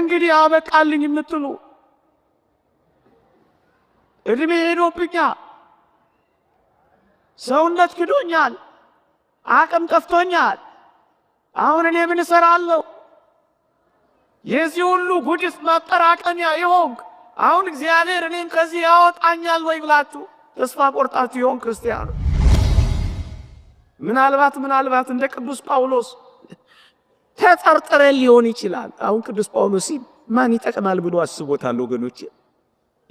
እንግዲህ አበቃልኝ የምትሉ እድሜ ሄዶብኛል፣ ሰውነት ክዶኛል፣ አቅም ጠፍቶኛል፣ አሁን እኔ ምን እሰራለሁ? የዚህ ሁሉ ጉድስ ማጠራቀሚያ ይሆንክ አሁን እግዚአብሔር እኔን ከዚህ ያወጣኛል ወይ ብላችሁ ተስፋ ቆርጣችሁ ይሆን ክርስቲያኑ? ምናልባት ምናልባት እንደ ቅዱስ ጳውሎስ ተጠርጥረን ሊሆን ይችላል። አሁን ቅዱስ ጳውሎስ ማን ይጠቅማል ብሎ አስቦታል? ወገኖች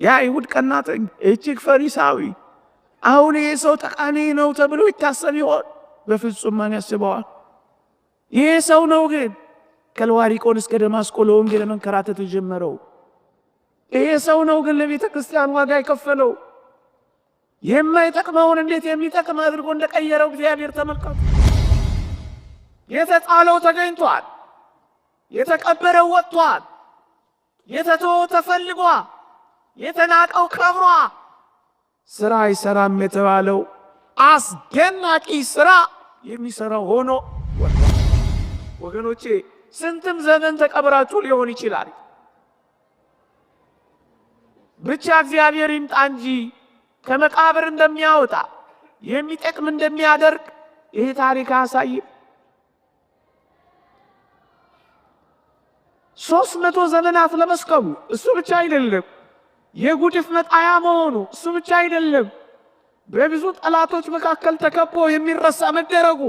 የአይሁድ ቀናተኝ እጅግ ፈሪሳዊ፣ አሁን ይህ ሰው ጠቃሚ ነው ተብሎ ይታሰብ ይሆን? በፍጹም ማን ያስበዋል? ይሄ ሰው ነው ግን ከለዋሪቆን እስከ ደማስቆ ለወንጌል መንከራተት ተጀመረው? ይሄ ሰው ነው ግን ለቤተ ክርስቲያን ዋጋ የከፈለው። የማይጠቅመውን እንዴት የሚጠቅም አድርጎ እንደቀየረው እግዚአብሔር ተመልከቱ። የተጣለው ተገኝቷል። የተቀበረው ወጥቷል። የተተወው ተፈልጓ፣ የተናቀው ቀብሯ ስራ አይሰራም የተባለው አስደናቂ ስራ የሚሰራው ሆኖ ወገኖቼ፣ ስንትም ዘመን ተቀብራችሁ ሊሆን ይችላል። ብቻ እግዚአብሔር ይምጣ እንጂ ከመቃብር እንደሚያወጣ የሚጠቅም እንደሚያደርግ ይሄ ታሪክ አሳይም። ሶስት መቶ ዘመናት ለመስቀሉ እሱ ብቻ አይደለም። የጉድፍ መጣያ መሆኑ እሱ ብቻ አይደለም። በብዙ ጠላቶች መካከል ተከቦ የሚረሳ መደረጉ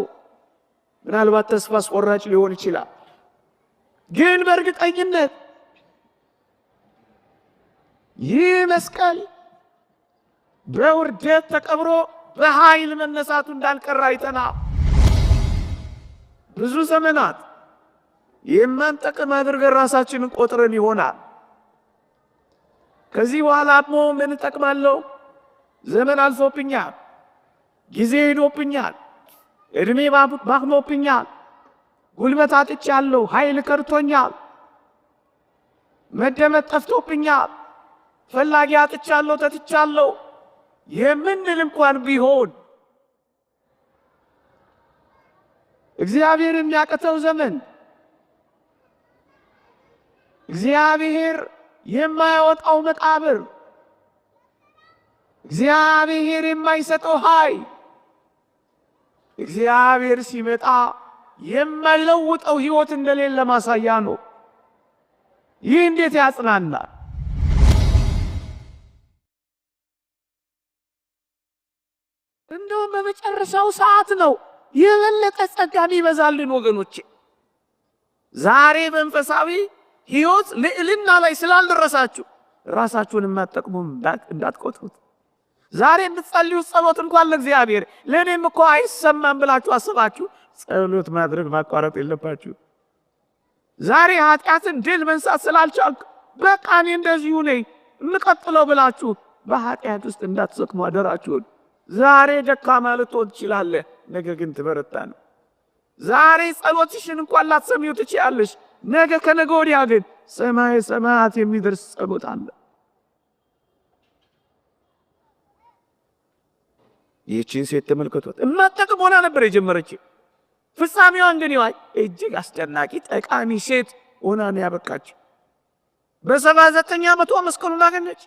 ምናልባት ተስፋ አስቆራጭ ሊሆን ይችላል። ግን በእርግጠኝነት ይህ መስቀል በውርደት ተቀብሮ በኃይል መነሳቱ እንዳልቀረ አይተናል። ብዙ ዘመናት የማን ጠቅም አድርገን ራሳችንን ቆጥረን ይሆናል። ከዚህ በኋላ አሞ ምን እጠቅማለሁ? ዘመን አልፎብኛል፣ ጊዜ ሄዶብኛል፣ እድሜ ባክኖብኛል፣ ጉልበት አጥቻለሁ፣ ኃይል ከርቶኛል፣ መደመጥ ጠፍቶብኛል፣ ፈላጊ አጥቻለሁ፣ ተትቻለሁ የምንል እንኳን ቢሆን እግዚአብሔር የሚያቅተው ዘመን እግዚአብሔር የማያወጣው መቃብር፣ እግዚአብሔር የማይሰጠው ሀይ፣ እግዚአብሔር ሲመጣ የማይለውጠው ህይወት እንደሌለ ማሳያ ነው። ይህ እንዴት ያጽናናል! እንደውም በመጨረሻው ሰዓት ነው የበለጠ ጸጋ ይበዛልን ወገኖቼ። ዛሬ መንፈሳዊ ህይወት ልዕልና ላይ ስላልደረሳችሁ ራሳችሁን የማትጠቅሙም እንዳትቆጥሩት። ዛሬ እንድትጸልዩት ጸሎት እንኳን ለእግዚአብሔር ለእኔም እኮ አይሰማም ብላችሁ አስባችሁ ጸሎት ማድረግ ማቋረጥ የለባችሁ። ዛሬ ኃጢአትን ድል መንሳት ስላልቻልክ በቃ እኔ እንደዚሁ ነኝ እንቀጥለው ብላችሁ በኃጢአት ውስጥ እንዳትሰቅሙ አደራችሁን። ዛሬ ደካማ ልትሆን ትችላለህ፣ ነገር ግን ትበረታ ነው። ዛሬ ጸሎትሽን እንኳን ላትሰሚው ትችያለሽ። ነገ ከነገ ወዲያ ግን ሰማይ ሰማያት የሚደርስ ጸሎት አለ። ይህቺን ሴት ተመልከቷት። እማጠቅም ሆና ነበር የጀመረችው። ፍጻሜዋን ግን ይዋይ እጅግ አስደናቂ ጠቃሚ ሴት ሆና ነው ያበቃችው። በሰባ ዘጠኝ ዓመቷ መስቀሉን አገኘች።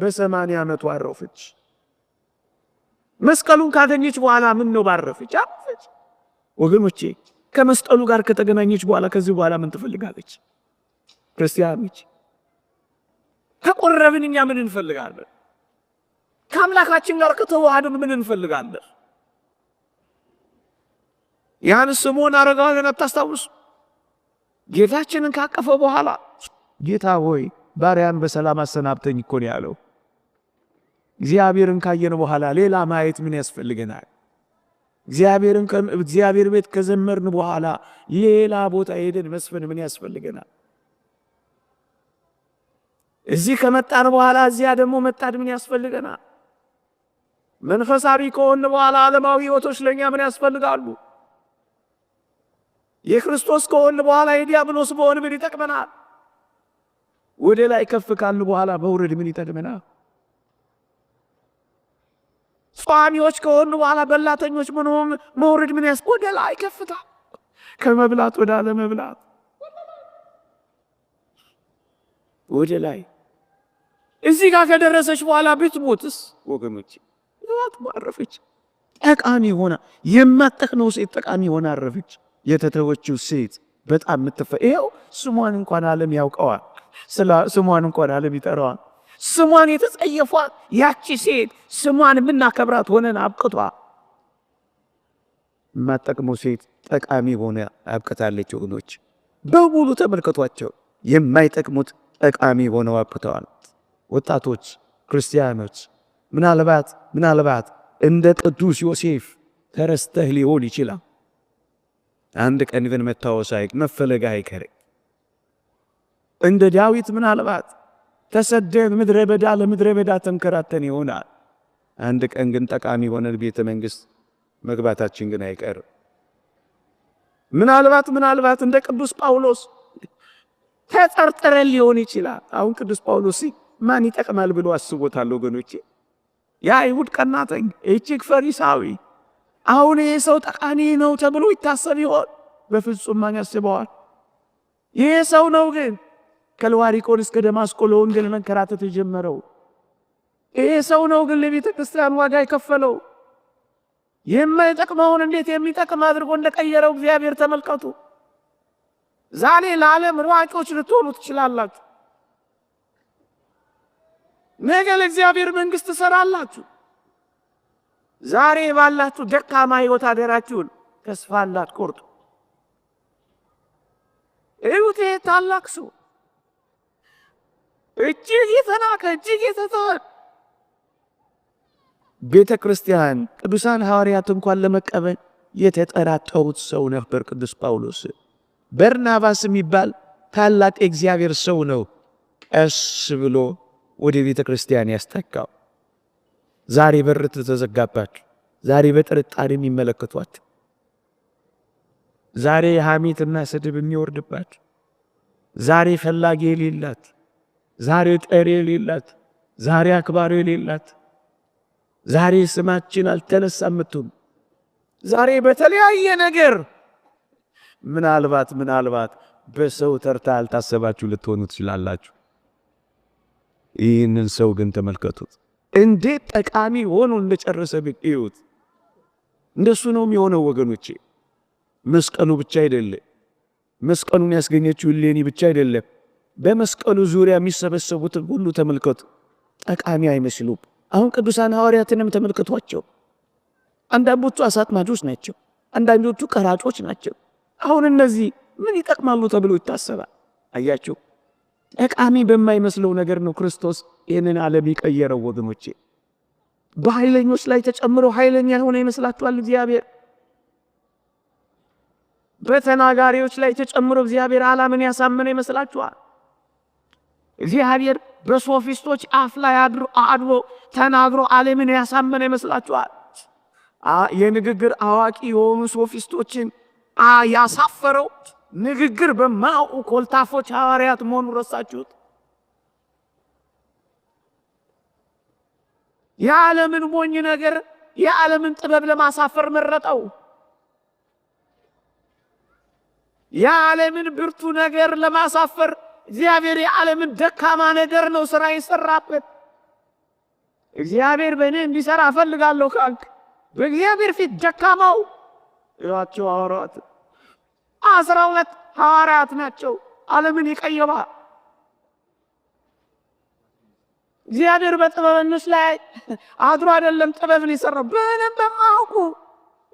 በሰማንያ ዓመቷ አረፈች። መስቀሉን ካገኘች በኋላ ምን ነው ባረፈች? አረፈች ወገኖቼ ከመስቀሉ ጋር ከተገናኘች በኋላ ከዚህ በኋላ ምን ትፈልጋለች? ክርስቲያኖች ከቆረብን እኛ ምን እንፈልጋለን? ከአምላካችን ጋር ከተዋሃድን ምን እንፈልጋለን? ያን ስምዖን አረጋዊን አታስታውሱ? ጌታችንን ካቀፈ በኋላ ጌታ ሆይ ባሪያን በሰላም አሰናብተኝ እኮ ነው ያለው። እግዚአብሔርን ካየን በኋላ ሌላ ማየት ምን ያስፈልገናል? እግዚአብሔር ቤት ከዘመርን በኋላ ሌላ ቦታ ሄደን መስፈን ምን ያስፈልገናል? እዚህ ከመጣን በኋላ እዚያ ደግሞ መጣድ ምን ያስፈልገናል? መንፈሳዊ ከሆን በኋላ ዓለማዊ ሕይወቶች ለእኛ ምን ያስፈልጋሉ? የክርስቶስ ከሆን በኋላ የዲያብሎስ በሆን ምን ይጠቅመናል? ወደ ላይ ከፍ ካልን በኋላ መውረድ ምን ይጠቅመናል? ጿሚዎች ከሆኑ በኋላ በላተኞች ምን መውረድ ምን ያስ ወደ ላይ ከፍታ ከመብላት ወደ አለመብላት ወደ ላይ እዚህ ጋር ከደረሰች በኋላ ብትሞትስ ወገኖች አረፈች። ጠቃሚ ሆና የማጠቅነው ሴት ጠቃሚ ሆና አረፈች። የተተወችው ሴት በጣም የምትፈ ይኸው ስሟን እንኳን ዓለም ያውቀዋል። ስሟን እንኳን ዓለም ይጠራዋል። ስሟን የተጸየፏት ያቺ ሴት ስሟን የምናከብራት ሆነን አብቅቷ የማጠቅሙ ሴት ጠቃሚ ሆነ አብቅታለች። ወገኖች በሙሉ ተመልከቷቸው፣ የማይጠቅሙት ጠቃሚ ሆነው አብቅተዋል። ወጣቶች ክርስቲያኖች፣ ምናልባት ምናልባት እንደ ቅዱስ ዮሴፍ ተረስተህ ሊሆን ይችላል። አንድ ቀን ግን መታወስ መፈለግ አይከር እንደ ዳዊት ምናልባት ተሰደን ምድረ በዳ ለምድረ በዳ ተንከራተን ይሆናል። አንድ ቀን ግን ጠቃሚ የሆነ ቤተ መንግሥት መግባታችን ግን አይቀርም። ምናልባት ምናልባት እንደ ቅዱስ ጳውሎስ ተጠርጥረን ሊሆን ይችላል። አሁን ቅዱስ ጳውሎስ ማን ይጠቅማል ብሎ አስቦታል? ወገኖቼ የአይሁድ ቀናተኝ እጅግ ፈሪሳዊ፣ አሁን ይህ ሰው ጠቃሚ ነው ተብሎ ይታሰብ ይሆን? በፍጹም ማን ያስበዋል? ይህ ሰው ነው ግን ቆን እስከ ደማስቆ ለወንጌል መንከራተት የጀመረው ይሄ ሰው ነው። ግን ለቤተ ክርስቲያን ዋጋ የከፈለው የማይጠቅመውን እንዴት የሚጠቅም አድርጎ እንደቀየረው እግዚአብሔር ተመልከቱ። ዛሬ ለዓለም ሯቂዎች ልትሆኑ ትችላላችሁ። ነገ ለእግዚአብሔር መንግሥት ትሰራላችሁ። ዛሬ ባላችሁ ደካማ ሕይወት አደራችሁን ተስፋ እንዳትቆርጡ። እዩት ታላቅ ሰው እጅግ የተናቀ እጅግ የተተወ ቤተ ክርስቲያን ቅዱሳን ሐዋርያት እንኳን ለመቀበል የተጠራጠሩት ሰው ነበር ቅዱስ ጳውሎስ። በርናባስ የሚባል ታላቅ እግዚአብሔር ሰው ነው። ቀስ ብሎ ወደ ቤተ ክርስቲያን ያስጠጋው። ዛሬ በር ተዘጋባችሁ። ዛሬ በጥርጣሬ የሚመለከቷችሁ፣ ዛሬ ሐሜትና ስድብ የሚወርድባችሁ፣ ዛሬ ፈላጊ የሌላት ዛሬ ጠሪ የሌላት፣ ዛሬ አክባሪ የሌላት፣ ዛሬ ስማችን አልተነሳ ምትል ዛሬ በተለያየ ነገር ምናልባት ምናልባት በሰው ተርታ ያልታሰባችሁ ልትሆኑ ትችላላችሁ። ይህንን ሰው ግን ተመልከቱት፣ እንዴት ጠቃሚ ሆኖ እንደጨረሰ ብእዩት። እንደሱ ነው የሚሆነው ወገኖቼ። መስቀሉ ብቻ አይደለም መስቀሉን ያስገኘችው እሌኒ ብቻ አይደለም በመስቀሉ ዙሪያ የሚሰበሰቡትን ሁሉ ተመልከቱ። ጠቃሚ አይመስሉም። አሁን ቅዱሳን ሐዋርያትንም ተመልከቷቸው። አንዳንዶቹ አሳጥማጆች ናቸው፣ አንዳንዶቹ ቀራጮች ናቸው። አሁን እነዚህ ምን ይጠቅማሉ ተብሎ ይታሰባል። አያቸው ጠቃሚ በማይመስለው ነገር ነው ክርስቶስ ይህንን ዓለም የቀየረው ወገኖቼ። በኃይለኞች ላይ ተጨምረው ኃይለኛ የሆነ ይመስላችኋል እግዚአብሔር? በተናጋሪዎች ላይ ተጨምሮ እግዚአብሔር ዓለምን ያሳመነ ይመስላችኋል? እግዚአብሔር በሶፊስቶች አፍ ላይ አድሮ ተናግሮ ዓለምን ያሳመነ ይመስላችኋል? የንግግር አዋቂ የሆኑ ሶፊስቶችን ያሳፈረው ንግግር በማያውቁ ኮልታፎች ሐዋርያት መሆኑ ረሳችሁት? የዓለምን ሞኝ ነገር የዓለምን ጥበብ ለማሳፈር መረጠው። የዓለምን ብርቱ ነገር ለማሳፈር እግዚአብሔር የዓለምን ደካማ ነገር ነው ስራ የሰራበት። እግዚአብሔር በእኔ እንዲሰራ እፈልጋለሁ ካልክ በእግዚአብሔር ፊት ደካማው እላቸው ሐዋርያት አስራ ሁለት ሐዋርያት ናቸው። ዓለምን ይቀየባ እግዚአብሔር በጥበበኞች ላይ አድሮ አይደለም ጥበብን የሰራው በእኔም በማውቁ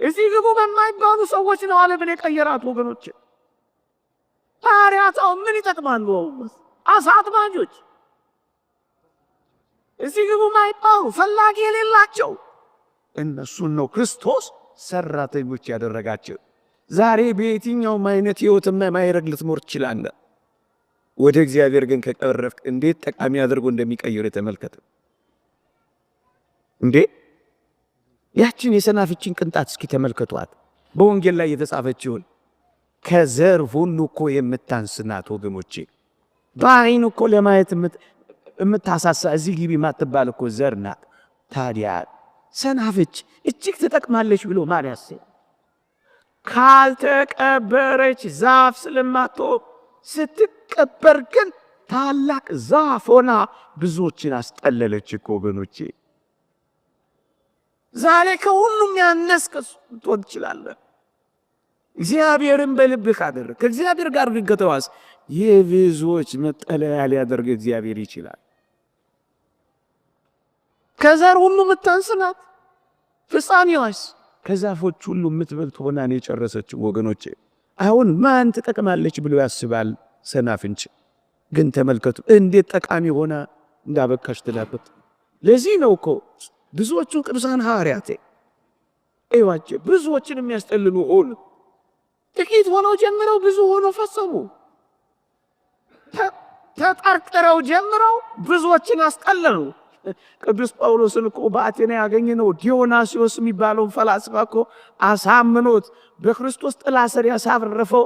እዚህ ግቡ በማይባሉ ሰዎች ነው ዓለምን የቀየራት ወገኖችን ሐዋርያት አሁን ምን ይጠቅማሉ? አሳ አጥማጆች እዚህ ግቡ ማይባሩ ፈላጊ የሌላቸው እነሱን ነው ክርስቶስ ሰራተኞች ያደረጋቸው። ዛሬ በየትኛውም አይነት ህይወትና ማይረግ ልትኖር ትችላለ? ወደ እግዚአብሔር ግን ከቀረፍ እንዴት ጠቃሚ አድርጎ እንደሚቀይር የተመልከተ እንዴ ያችን የሰናፍችን ቅንጣት እስኪ ተመልከቷት በወንጌል ላይ የተጻፈችውን ከዘር ሁሉ እኮ የምታንስ ናት ወገኖቼ። በአይን እኮ ለማየት የምታሳሳ እዚህ ግቢ ማትባል እኮ ዘር ናት። ታዲያ ሰናፍጭ እጅግ ትጠቅማለች ብሎ ማን ያስባል? ካልተቀበረች ዛፍ ስለማትሆን ስትቀበር ግን ታላቅ ዛፍ ሆና ብዙዎችን አስጠለለች እኮ ወገኖቼ። ዛሬ ከሁሉም ያነስክ ትሆን ትችላለህ። እግዚአብሔርን በልብህ አድርግ። ከእግዚአብሔር ጋር ግን ከተዋስ የብዙዎች መጠለያ ሊያደርግ እግዚአብሔር ይችላል። ከዛር ሁሉ የምታንስናት ፍጻሜዋስ ከዛፎች ሁሉ የምትበልጥ ሆና ነው የጨረሰችው። አሁን ማን ትጠቅማለች ብሎ ያስባል ሰናፍንጭ። ግን ተመልከቱ እንዴት ጠቃሚ ሆና እንዳበካሽ ትላበት። ለዚህ ነው እኮ ብዙዎቹ ቅዱሳን ሐዋርያቴ ዋቸ ብዙዎችን የሚያስጠልሉ ሁሉ ጥቂት ሆነው ጀምረው ብዙ ሆነው ፈሰሙ። ተጠርጥረው ጀምረው ብዙዎችን አስቀለሉ። ቅዱስ ጳውሎስን እኮ በአቴና ያገኘነው ዲዮናሲዎስ የሚባለውን ፈላስፋ እኮ አሳምኖት በክርስቶስ ጥላ ስር ያሳረፈው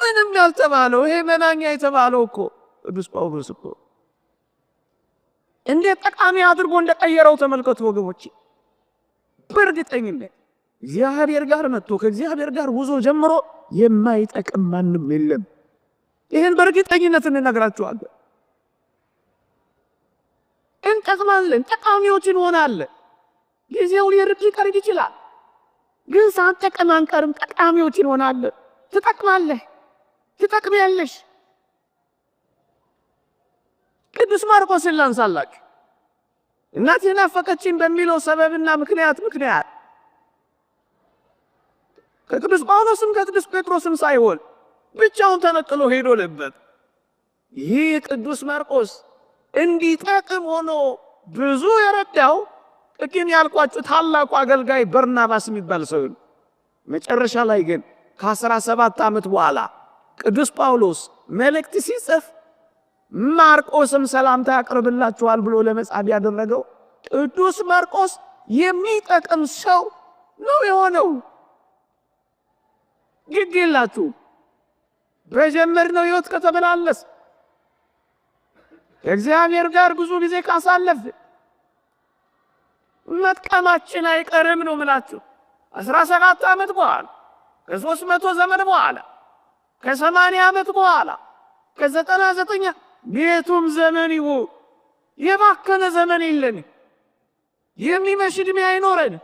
ምንም ያልተባለው ይሄ መናኛ የተባለው እኮ ቅዱስ ጳውሎስ እኮ እንዴት ጠቃሚ አድርጎ እንደቀየረው ተመልከቱ ወገቦች በእርግጠኝነት እግዚአብሔር ጋር መጥቶ ከእግዚአብሔር ጋር ውዞ ጀምሮ የማይጠቅም ማንም የለም። ይህን በእርግጠኝነት እንነግራችኋለን። እንጠቅማለን፣ ጠቃሚዎች እንሆናለን። ጊዜው ሊርቅ ሊቀርብ ይችላል፣ ግን ሳንጠቅም አንቀርም። ጠቃሚዎች እንሆናለን። ትጠቅማለህ፣ ትጠቅሚያለሽ። ቅዱስ ማርቆስን ላንሳላችሁ። እናት የናፈቀችን በሚለው ሰበብና ምክንያት ምክንያት ከቅዱስ ጳውሎስም ከቅዱስ ጴጥሮስም ሳይሆን ብቻውን ተነጥሎ ሄዶ ነበር። ይህ ቅዱስ መርቆስ እንዲጠቅም ሆኖ ብዙ የረዳው ጥቂም ያልኳችሁ ታላቁ አገልጋይ በርናባስ የሚባል ሰው ነው። መጨረሻ ላይ ግን ከአስራ ሰባት ዓመት በኋላ ቅዱስ ጳውሎስ መልእክት ሲጽፍ ማርቆስም ሰላምታ ያቀርብላችኋል ብሎ ለመጻፍ ያደረገው ቅዱስ ማርቆስ የሚጠቅም ሰው ነው የሆነው። ግድ የላችሁ በጀመርነው ህይወት ከተመላለስ ከእግዚአብሔር ጋር ብዙ ጊዜ ካሳለፍ መጥቀማችን አይቀርም ነው ምላችሁ። አስራ ሰባት ዓመት በኋላ ከሶስት መቶ ዘመን በኋላ ከሰማንያ ዓመት በኋላ ከዘጠና ዘጠኛ ቤቱም ዘመን ይሁ የባከነ ዘመን የለን። የሚመሽ ዕድሜ አይኖረን፣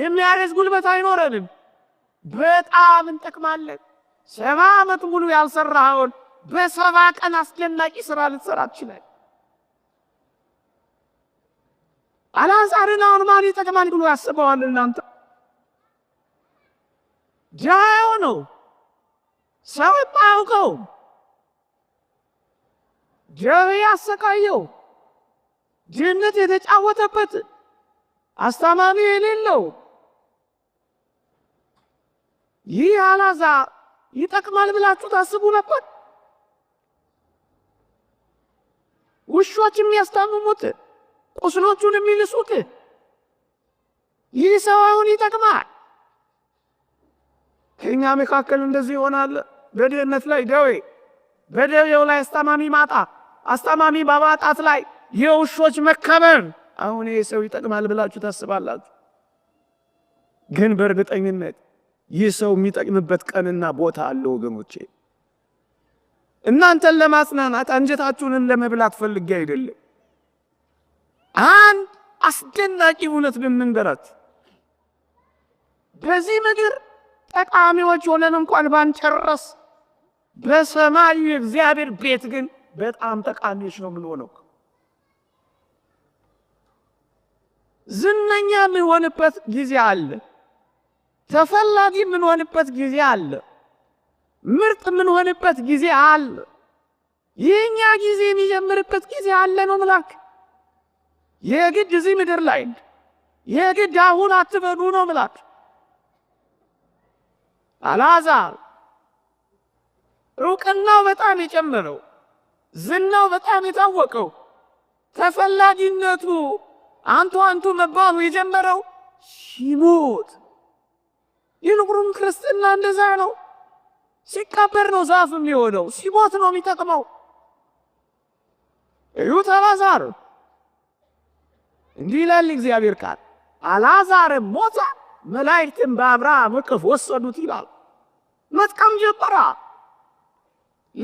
የሚያረዝ ጉልበት አይኖረንም። በጣም እንጠቅማለን። ሰባ ዓመት ሙሉ ያልሰራኸውን በሰባ ቀን አስደናቂ ስራ ልትሰራ ትችላል። አልዓዛርን አሁን ማን ይጠቅማል ብሎ ያስበዋል? እናንተ ጃዮ ነው ሰው የማያውቀው ጀብ ያሰቃየው ድህነት የተጫወተበት አስተማሪ የሌለው ይህ አላዛ ይጠቅማል ብላችሁ ታስቡ ነበር? ውሾች የሚያስታምሙት ቁስሎቹን የሚልሱት ይህ ሰው አሁን ይጠቅማል። ከኛ መካከል እንደዚህ ይሆናል። በድህነት ላይ ደዌ፣ በደዌው ላይ አስታማሚ ማጣ፣ አስታማሚ በማጣት ላይ የውሾች መከበር። አሁን ይህ ሰው ይጠቅማል ብላችሁ ታስባላችሁ፣ ግን በእርግጠኝነት ይህ ሰው የሚጠቅምበት ቀንና ቦታ አለ ወገኖቼ። እናንተን ለማጽናናት አንጀታችሁንን ለመብላት ፈልጌ አይደለም። አንድ አስደናቂ እውነት ልንገራችሁ። በዚህ ምድር ጠቃሚዎች ሆነን እንኳን ባንጨረስ፣ በሰማዩ የእግዚአብሔር ቤት ግን በጣም ጠቃሚዎች ነው የምንሆነው። ዝነኛ የሚሆንበት ጊዜ አለ። ተፈላጊ የምንሆንበት ጊዜ አለ። ምርጥ የምንሆንበት ጊዜ አለ። የእኛ ጊዜ የሚጀምርበት ጊዜ አለ ነው ምላክ። የግድ እዚህ ምድር ላይ የግድ አሁን አትበሉ ነው ምላክ። አልዓዛር እውቅናው በጣም የጨመረው ዝናው በጣም የታወቀው ተፈላጊነቱ አንቱ አንቱ መባሉ የጀመረው ሲሞት ይልቁንም ክርስትና እንደዛ ነው። ሲቀበር ነው ዛፍ የሚሆነው፣ ሲሞት ነው የሚጠቅመው። እዩት፣ አላዛር እንዲህ ይላል እግዚአብሔር ቃል፣ አላዛርም ሞተ፣ መላእክትን በአብርሃም እቅፍ ወሰዱት ይላል። መጥቀም ጀበራ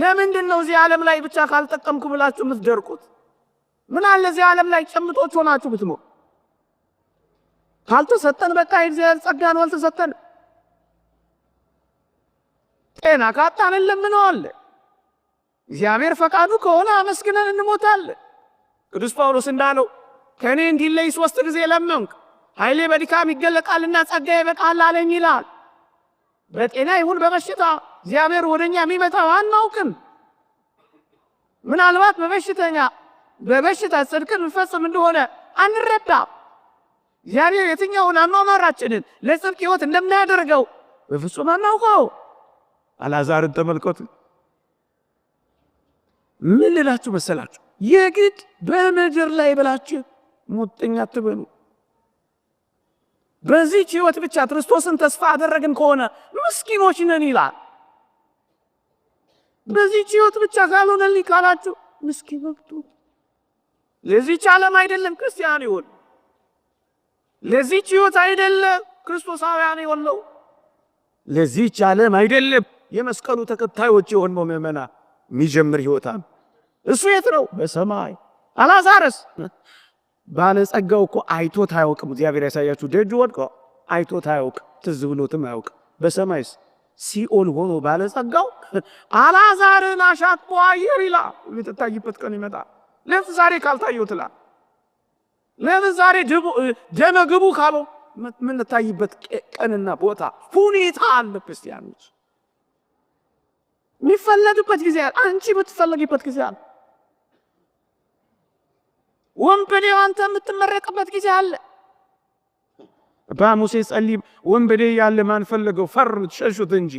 ለምንድን ነው እዚህ ዓለም ላይ ብቻ ካልጠቀምኩ ብላችሁ የምትደርቁት? ምን አለ እዚህ ዓለም ላይ ጨምጦች ሆናችሁ ብትሞ ካልተሰጠን በቃ የእግዚአብሔር ጸጋ ነው አልተሰጠን። ጤና ካጣን እንለምነዋለን። እግዚአብሔር ፈቃዱ ከሆነ አመስግነን እንሞታለን። ቅዱስ ጳውሎስ እንዳለው ከእኔ እንዲለይ ሶስት ጊዜ ለመንክ ኃይሌ በድካም ይገለቃልና ጸጋ ይበቃል አለኝ ይላል። በጤና ይሁን በበሽታ እግዚአብሔር ወደኛ የሚመጣው አናውቅም። ምናልባት በበሽተኛ በበሽታ ጽድቅን እንፈጽም እንደሆነ አንረዳ። እግዚአብሔር የትኛውን አኗኗራችንን ለጽድቅ ሕይወት እንደምናያደርገው በፍጹም አናውቀው። አላዛርን ተመልከቱ። ምን ልላችሁ መሰላችሁ? የግድ በምድር ላይ ብላችሁ ሙጥኝ አትበሉ። በዚህች ህይወት ብቻ ክርስቶስን ተስፋ አደረግን ከሆነ ምስኪኖች ነን ይላል። በዚች ህይወት ብቻ ካልሆነልኝ ካላችሁ ምስኪን ወቅቱ ዓለም አይደለም ክርስቲያን ይሆን ለዚች ህይወት አይደለም ክርስቶሳውያን ይሆን ነው ዓለም አይደለም የመስቀሉ ተከታዮች የሆነው ምዕመና የሚጀምር ህይወታ እሱ የት ነው? በሰማይ። አላዛርስ ባለጸጋው እኮ አይቶት አያውቅም። እግዚአብሔር ያሳያችሁ። ደጁ ወድቆ አይቶት አያውቅም፣ ትዝ ብሎትም አያውቅም። በሰማይስ ሲኦል ሆኖ ባለጸጋው አላዛርን አሻቅቦ አየር ይላ የምትታይበት ቀን ይመጣል። ለምን ዛሬ ካልታየው ትላ ለምን ዛሬ ደመግቡ ካለው የምንታይበት ቀንና ቦታ ሁኔታ አለ ክርስቲያኖች የሚፈለግበት ጊዜ አለ። አንቺ የምትፈለጊበት ጊዜ አለ። ወንበዴ አንተ የምትመረቅበት ጊዜ አለ። አባ ሙሴ ጸሊም ወንበዴ ያለ ማንፈለገው ፈር ሸሹት እንጂ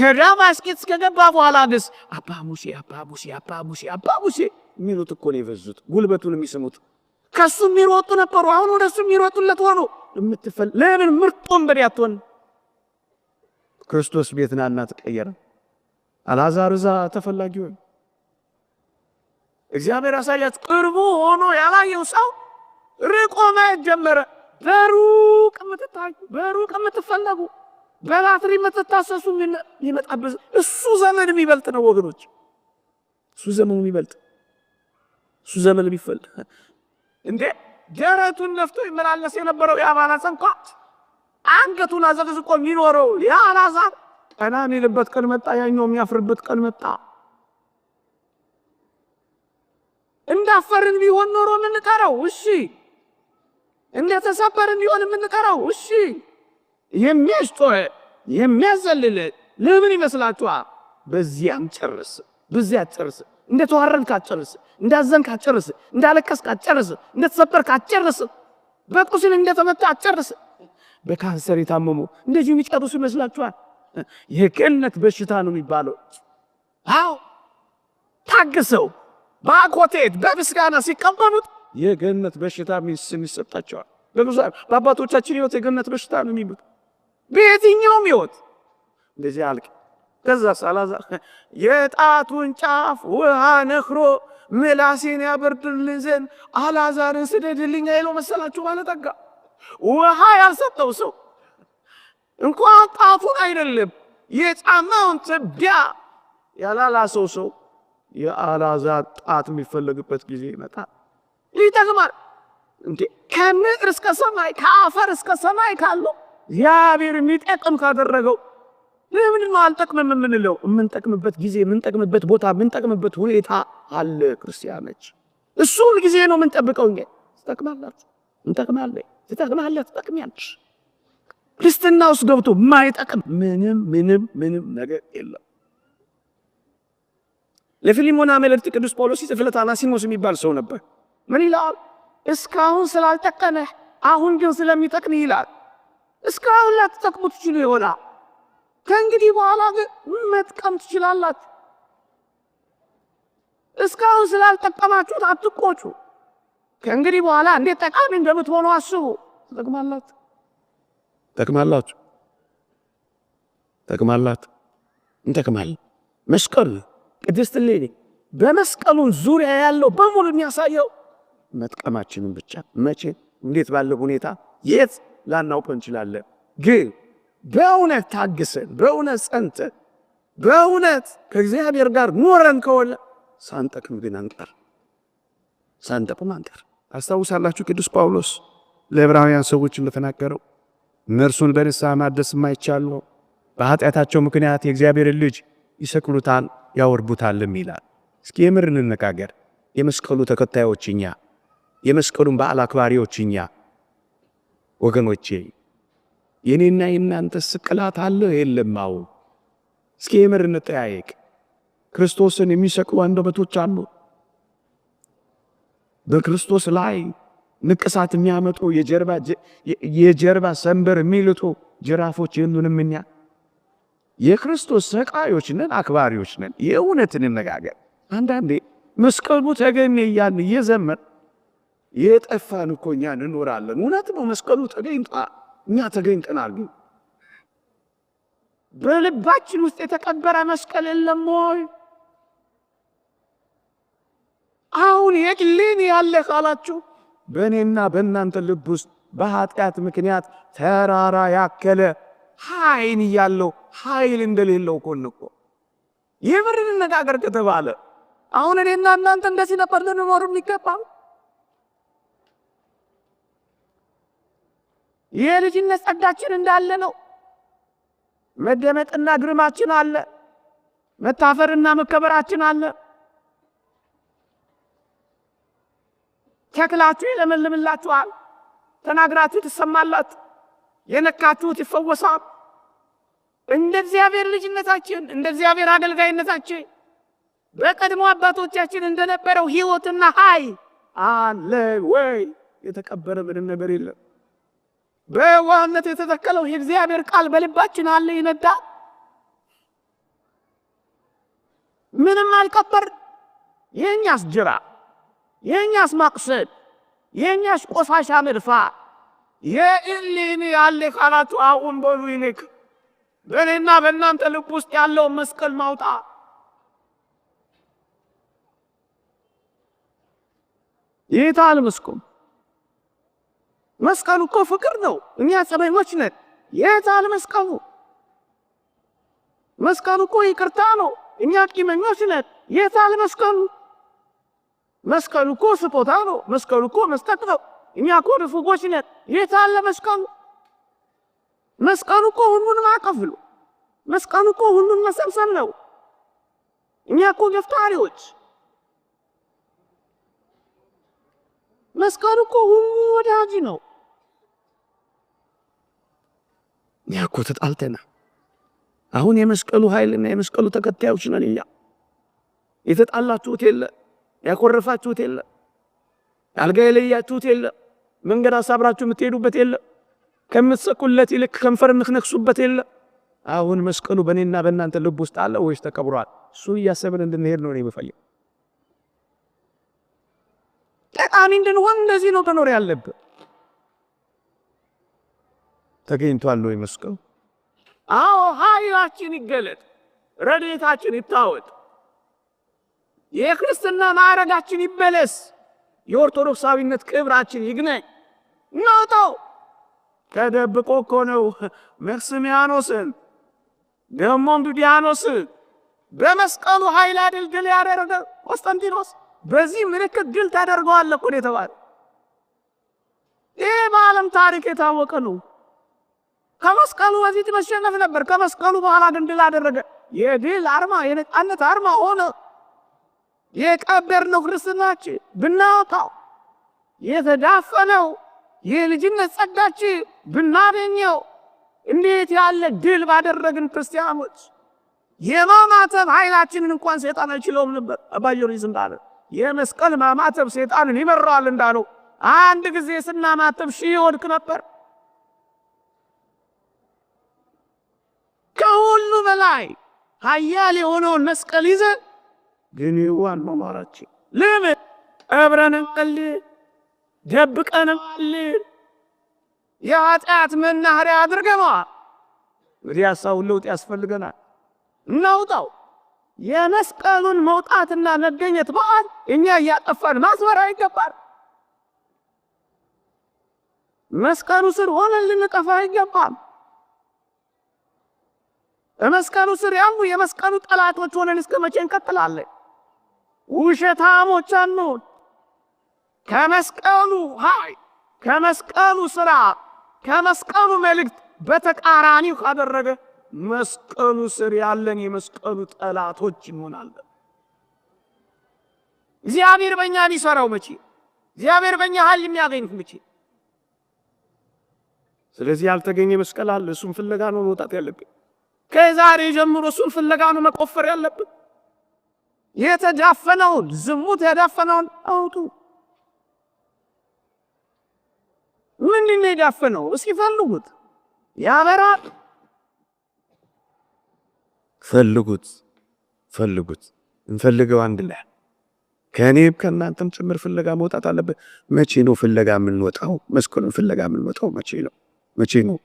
ገዳም አስቄጥስ ከገባ በኋላ ግስ አባ ሙሴ አባ ሙሴ አባ ሙሴ አባ ሙሴ የሚሉት እኮ ነው የበዙት። ጉልበቱን የሚስሙት ከሱ የሚሮጡ ነበሩ። አሁን ወደ እሱ የሚሮጡለት ሆኑ። ለምን ምርጥ ወንበዴ አትሆን? ክርስቶስ ቤትናና ተቀየረ። አላዛር እዛ ተፈላጊ ሆነ። እግዚአብሔር አሳያት። ቅርቡ ሆኖ ያላየው ሰው ርቆ ማየት ጀመረ። በሩቅ የምትታዩ በሩቅ የምትፈለጉ በላትሪ የምትታሰሱ ይመጣበት እሱ ዘመን የሚበልጥ ነው ወገኖች፣ እሱ ዘመኑ የሚበልጥ እሱ ዘመን የሚፈልጥ እንዴ ደረቱን ነፍቶ ይመላለስ የነበረው የአባላት እንኳ አንገቱን አዘቅዝቆ የሚኖረው ያ ጠና የሚልበት ቀን መጣ፣ ያኛው የሚያፍርበት ቀን መጣ። እንዳፈርን ቢሆን ኖሮ የምንቀረው እሺ፣ እንደተሰበርን ቢሆን የምንቀረው እሺ። የሚያስጮህ የሚያዘልል ለምን ይመስላችኋል? በዚያም ጨርስ፣ በዚያ ጨርስ፣ እንደተዋረድክ አትጨርስ፣ እንዳዘንክ አትጨርስ፣ እንዳለቀስክ አትጨርስ፣ እንደተሰበርክ አትጨርስ፣ በቁስል እንደተመታ አትጨርስ። በካንሰር የታመሙ እንደዚሁ የሚጨርሱ ይመስላችኋል? የቅነት በሽታ ነው የሚባለው። አዎ ታግሰው በአኮቴት በምስጋና ሲቀመጡት የገነት በሽታ ስም ይሰጣቸዋል። በብዙ በአባቶቻችን ህይወት የገነት በሽታ ነው የሚሉት በየትኛውም ህይወት እንደዚህ አልቅ። ከዛ ሳላዛ የጣቱን ጫፍ ውሃ ነክሮ ምላሴን ያበርድልን ዘንድ አላዛርን ስደድልኝ አይለው መሰላችሁ ባለጠጋ ውሃ ያልሰጠው ሰው እንኳን ጣፉን አይደለም የጫማውን ትቢያ ያላላሰው ሰው የአላዛር ጣት የሚፈለግበት ጊዜ ይመጣል። ይጠቅማል እንዴ! ከምድር እስከ ሰማይ ከአፈር እስከ ሰማይ ካለው እግዚአብሔር የሚጠቅም ካደረገው ለምን ነው አልጠቅምም የምንለው? የምንጠቅምበት ጊዜ፣ የምንጠቅምበት ቦታ፣ የምንጠቅምበት ሁኔታ አለ። ክርስቲያኖች እሱን ጊዜ ነው የምንጠብቀው። እኛ ትጠቅማላችሁ፣ እንጠቅማለ፣ ትጠቅማለ፣ ትጠቅሚያለሽ ክርስትና ውስጥ ገብቶ ማይጠቅም ምንም ምንም ምንም ነገር የለም። ለፊሊሞና መልእክት ቅዱስ ጳውሎስ ሲጽፍለት አናሲሞስ የሚባል ሰው ነበር። ምን ይላል? እስካሁን ስላልጠቀመህ አሁን ግን ስለሚጠቅም ይላል። እስካሁን ላትጠቅሙ ትችሉ ይሆና ከእንግዲህ በኋላ ግን መጥቀም ትችላላችሁ። እስካሁን ስላልጠቀማችሁት አትቆጩ፣ ከእንግዲህ በኋላ እንዴት ጠቃሚ እንደምትሆኑ አስቡ፣ ትጠቅማላት። ጠቅማላችሁ ጠቅማላት እንጠቅማል። መስቀል ቅድስት እሌኒ በመስቀሉን ዙሪያ ያለው በሙሉ የሚያሳየው መጥቀማችንን ብቻ መቼ፣ እንዴት ባለው ሁኔታ የት ላናውቀው እንችላለን። ግን በእውነት ታግሰን፣ በእውነት ጸንተን፣ በእውነት ከእግዚአብሔር ጋር ኖረን ከሆነ ሳንጠቅም ግን አንቀር፣ ሳንጠቅም አንቀር። አስታውሳላችሁ ቅዱስ ጳውሎስ ለዕብራውያን ሰዎች እንደተናገረው እነርሱን በንስሐ ማደስ የማይቻል ነው። በኃጢአታቸው ምክንያት የእግዚአብሔርን ልጅ ይሰቅሉታል ያወርቡታልም ይላል። እስኪ የምር እንነጋገር። የመስቀሉ ተከታዮች እኛ፣ የመስቀሉን በዓል አክባሪዎች እኛ ወገኖቼ፣ የኔና የእናንተ ስቅላት አለ የለም? አዎ። እስኪ የምር እንጠያየቅ። ክርስቶስን የሚሰቅሉ አንደበቶች አሉ በክርስቶስ ላይ ንቅሳት የሚያመጡ የጀርባ ሰንበር የሚልጡ ጅራፎች የሉንም። እኛ የክርስቶስ ሰቃዮች ነን፣ አክባሪዎች ነን። የእውነት እንነጋገር። አንዳንዴ መስቀሉ ተገኘ እያልን እየዘመር የጠፋን እኮ እኛ እንኖራለን። እውነት ነው፣ መስቀሉ ተገኝቷ እኛ ተገኝተናል። ግን በልባችን ውስጥ የተቀበረ መስቀል የለም ወይ? አሁን የቅሌን ያለ ካላችሁ በእኔና በእናንተ ልብ ውስጥ በኃጢአት ምክንያት ተራራ ያከለ ኃይል እያለው ኃይል እንደሌለው ኮን እኮ የምር እንነጋገር ከተባለ አሁን እኔና እናንተ እንደዚህ ነበር ልንኖር የሚገባው። የልጅነት ጸጋችን እንዳለ ነው። መደመጥና ግርማችን አለ። መታፈርና መከበራችን አለ። ተክላችሁ ይለመልምላችኋል፣ ተናግራችሁ ትሰማላችሁ፣ የነካችሁት ይፈወሳል። እንደ እግዚአብሔር ልጅነታችን እንደ እግዚአብሔር አገልጋይነታችን በቀድሞ አባቶቻችን እንደነበረው ሕይወትና ሀይ አለ ወይ? የተቀበረ ምንም ነገር የለም። በዋነት የተተከለው የእግዚአብሔር ቃል በልባችን አለ፣ ይነዳ። ምንም አልቀበር የእኛስ ጅራ የእኛስ ማቅሰድ፣ የእኛስ ቆሳሻ መድፋት የእሊኒ ያለ ካላቱ አሁን በሉ ይልቅ በእኔና በእናንተ ልብ ውስጥ ያለውን መስቀል ማውጣ ይታ አልመስኩም። መስቀሉ እኮ ፍቅር ነው። እኛ ጸበኞች ነን። የታ አልመስቀሉ? መስቀሉ እኮ ይቅርታ ነው። እኛ ቂመኞች ነን። የታል አልመስቀሉ? መስቀሉ እኮ ስጦታ ነው። መስቀሉ እኮ መስጠት ነው። እኛ እኮ ድፉቆች ነን። የት አለ መስቀሉ? መስቀሉ እኮ ሁሉን አቀፍ ነው። መስቀሉ እኮ ሁሉን መሰብሰብ ነው። እኛ እኮ ገፍታሪዎች። መስቀሉ እኮ ሁሉ ወዳጅ ነው። እኛ እኮ ተጣልተና አሁን የመስቀሉ ኃይልና የመስቀሉ ተከታዮች ነን። እኛ የተጣላችሁት የለ ያኮረፋችሁት የለም። አልጋ የለያችሁት የለም። መንገድ አሳብራችሁ የምትሄዱበት የለም። ከምትሰቁለት ይልቅ ከንፈር የምትነክሱበት የለም። አሁን መስቀሉ በእኔና በእናንተ ልብ ውስጥ አለ ወይስ ተቀብሯል? እሱ እያሰብን እንድንሄድ ነው የሚፈልግ። ጠቃሚ እንድንሆን እንደዚህ ነው ተኖር ያለብን። ተገኝቷል ወይ መስቀሉ? አዎ ኃይላችን ይገለጥ፣ ረድኤታችን ይታወጥ። የክርስትና ማዕረጋችን ይበለስ፣ የኦርቶዶክሳዊነት ክብራችን ይግነኝ። እናውጣው። ተደብቆ እኮ ነው መክስሚያኖስን ደግሞም ዱዲያኖስን በመስቀሉ ኃይል አይደል ድል ያደረገ ቆስጠንቲኖስ በዚህ ምልክት ድል ታደርገዋለህ እኮ የተባለ ይህ በዓለም ታሪክ የታወቀ ነው። ከመስቀሉ በፊት መሸነፍ ነበር። ከመስቀሉ በኋላ ግን ድል አደረገ። የድል አርማ የነጻነት አርማ ሆነ። የቀበርነው ክርስትናችን ብናወጣው የተዳፈነው የልጅነት ጸጋችን ብናገኘው እንዴት ያለ ድል ባደረግን ክርስቲያኖች! የማማተብ ኃይላችንን እንኳን ሴጣን አይችለውም ነበር። አባ እንዳለ የመስቀል ማማተብ ሴጣንን ይመራዋል እንዳለው አንድ ጊዜ ስናማተብ ሺህ ወድቅ ነበር። ከሁሉ በላይ ኃያል የሆነውን መስቀል ይዘን ግን ይዋን መማራች ለምን አብረን እንቀልድ ደብቀን እንቀልድ የኃጢአት መናኸሪያ አድርገነዋል። እንግዲህ ሀሳቡን ለውጥ ያስፈልገናል። እናውጣው። የመስቀሉን መውጣትና መገኘት በዓል እኛ እያጠፋን ማስመራ ይገባል። መስቀሉ ስር ሆነን ልንጠፋ ይገባል። በመስቀሉ ስር ያሉ የመስቀሉ ጠላቶች ሆነን እስከ መቼ እንቀጥላለን? ውሸታሞ አንሁን። ከመስቀሉ ኃይል፣ ከመስቀሉ ስራ ከመስቀሉ መልእክት በተቃራኒው ካደረገ መስቀሉ ስር ያለን የመስቀሉ ጠላቶች እንሆናለን። እግዚአብሔር በእኛ ሊሰራው መቼ? እግዚአብሔር በእኛ ኃይል የሚያገኙት መቼ? ስለዚህ ያልተገኘ መስቀል አለ። እሱን ፍለጋ ነው መውጣት ያለብን። ከዛሬ ጀምሮ እሱን ፍለጋ ነው መቆፈር ያለብን። የተዳፈነውን ዝሙት የዳፈነውን አውጡ። ምንድን ነው የዳፈነው? እስኪ ፈልጉት፣ ያበራል። ፈልጉት፣ ፈልጉት፣ እንፈልገው አንድ ላይ ከእኔም ከእናንተም ጭምር ፍለጋ መውጣት አለበት። መቼ ነው ፍለጋ የምንወጣው? መስኮልን ፍለጋ የምንወጣው መቼ ነው? መቼ ነው?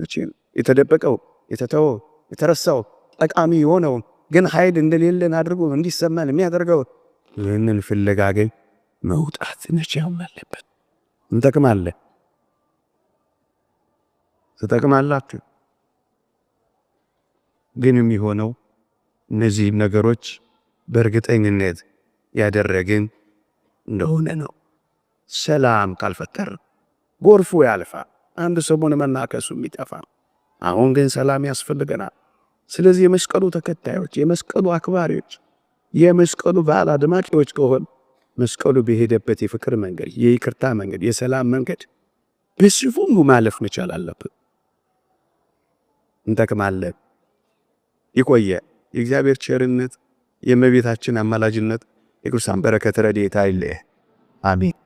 መቼ ነው? የተደበቀው የተተወው የተረሳው ጠቃሚ የሆነው ግን ኃይል እንደሌለን አድርጎ እንዲሰማን የሚያደርገው ይህንን ፍለጋ ግን መውጣት ነቻው አለበት። እንጠቅማለ ትጠቅማላችሁ። ግን የሚሆነው እነዚህ ነገሮች በእርግጠኝነት ያደረግን እንደሆነ ነው። ሰላም ካልፈጠር ጎርፉ ያልፋ፣ አንድ ሰሞን መናከሱ የሚጠፋ። አሁን ግን ሰላም ያስፈልገናል። ስለዚህ የመስቀሉ ተከታዮች፣ የመስቀሉ አክባሪዎች፣ የመስቀሉ በዓል አድማቂዎች ከሆን መስቀሉ በሄደበት የፍቅር መንገድ፣ የይቅርታ መንገድ፣ የሰላም መንገድ በስፉሙ ማለፍ መቻል አለብን። እንጠቅማለን። ይቆየ የእግዚአብሔር ቸርነት፣ የእመቤታችን አማላጅነት፣ የቅዱሳን በረከት ረድኤታ አይለየን። አሜን።